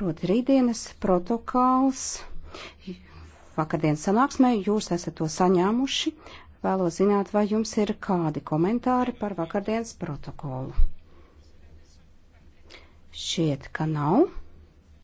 Proti rītdienas protokols vakardienas sanāksmē, jūs esat to saņēmuši. Vēlos zināt, vai jums ir kādi komentāri par vakardienas protokolu. Šķiet, ka nav.